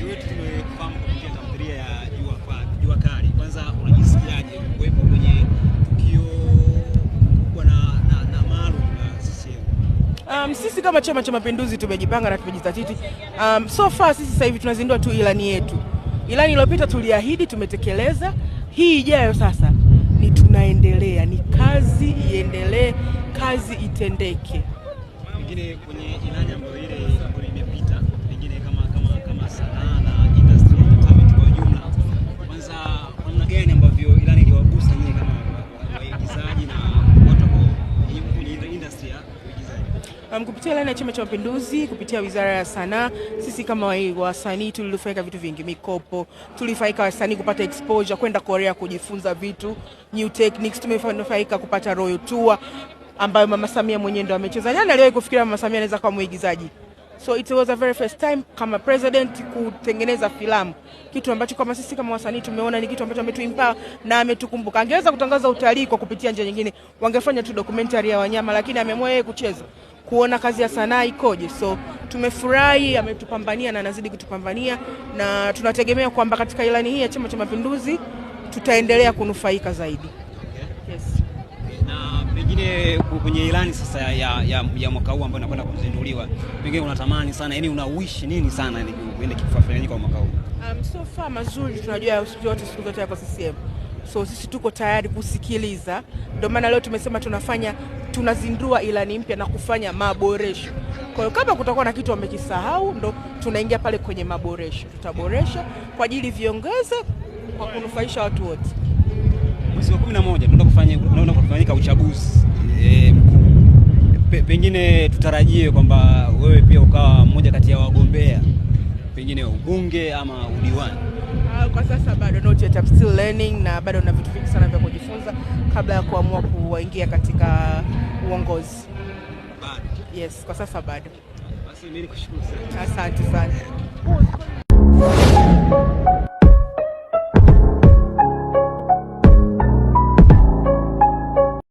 wengi wetu tumekufahamu kupitia tamthilia ya Jua Kali. Kwanza unajisikiaje kuwepo kwenye tukio kubwa na, na, na maalum na Um, sisi kama Chama cha Mapinduzi tumejipanga na tumejitatiti Um, so far sisi sasa hivi tunazindua tu ilani yetu. Ilani iliyopita tuliahidi, tumetekeleza. Hii ijayo sasa ni tunaendelea, ni kazi iendelee, kazi itendeke. Mwingine kwenye ilani ambayo ile Um, kupitia ilani ya Chama cha Mapinduzi, kupitia Wizara ya Sanaa, sisi kama wasanii tulifaika vitu vingi, mikopo, tulifaika wasanii kupata exposure kwenda Korea kujifunza vitu new techniques, tumefaika kupata Royal Tour ambayo Mama Samia mwenyewe ndo amecheza. Nani aliwahi kufikiria Mama Samia anaweza kuwa mwigizaji? So it was a very first time kama president kutengeneza filamu, kitu ambacho kama sisi kama wasanii tumeona ni kitu ambacho ametuimpa na ametukumbuka. Angeweza kutangaza utalii kwa kupitia njia nyingine, wangefanya tu documentary ya wanyama, lakini ameamua yeye kucheza, kuona kazi ya sanaa ikoje. So tumefurahi, ametupambania na anazidi kutupambania, na tunategemea kwamba katika ilani hii ya Chama cha Mapinduzi tutaendelea kunufaika zaidi pengine kwenye ilani sasa ya, ya, ya ya mwaka huu ambao inakwenda kuzinduliwa, pengine unatamani sana, yani unawishi nini sana kuende kifanyike kwa mwaka huu? Um, so far mazuri, tunajua yote siku zote yako CCM, so sisi tuko tayari kusikiliza. Ndio maana leo tumesema tunafanya tunazindua ilani mpya na kufanya maboresho. Kwa hiyo kama kutakuwa na kitu wamekisahau, ndo tunaingia pale kwenye maboresho, tutaboresha kwa ajili viongeze kwa kunufaisha watu wote. Mwezi wa 11 tunataka kufanya kufanyika uchaguzi e, pengine tutarajie kwamba wewe pia ukawa mmoja kati ya wagombea pengine ubunge ama udiwani? Ah, kwa sasa bado not yet, I'm still learning, na bado na vitu vingi sana vya kujifunza kabla ya kuamua kuingia katika uongozi. Bado? Yes, kwa sasa bado. Basi mimi nikushukuru sana. Asante sana.